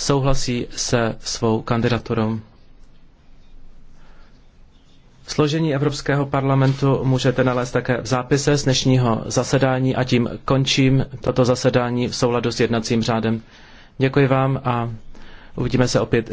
souhlasí se svou kandidaturou. Složení Evropského parlamentu můžete nalézt také v zápise z dnešního zasedání a tím končím toto zasedání v souladu s jednacím řádem. Děkuji vám a uvidíme se opět.